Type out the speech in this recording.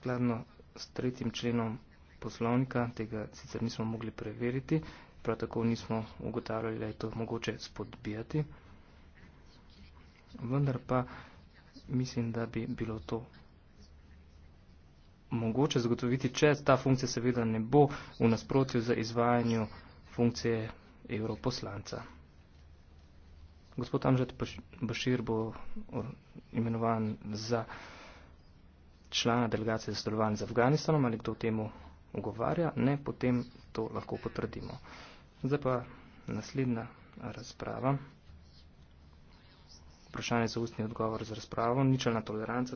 skladno s tretjim členom poslovnika, tega sicer nismo mogli preveriti, prav tako nismo ugotavljali, da je to mogoče spodbijati. Vendar pa mislim, da bi bilo to mogoče zagotoviti, če ta funkcija seveda ne bo v nasprotju za izvajanju funkcije europoslanca. Gospod Amžet Bašir bo imenovan za člana delegacije za sodelovanje z Afganistanom ali kdo temu ugovarja, ne, potem to lahko potrdimo. Zdaj pa naslednja razprava. Vprašanje za ustni odgovor za razpravo. Ničelna toleranca.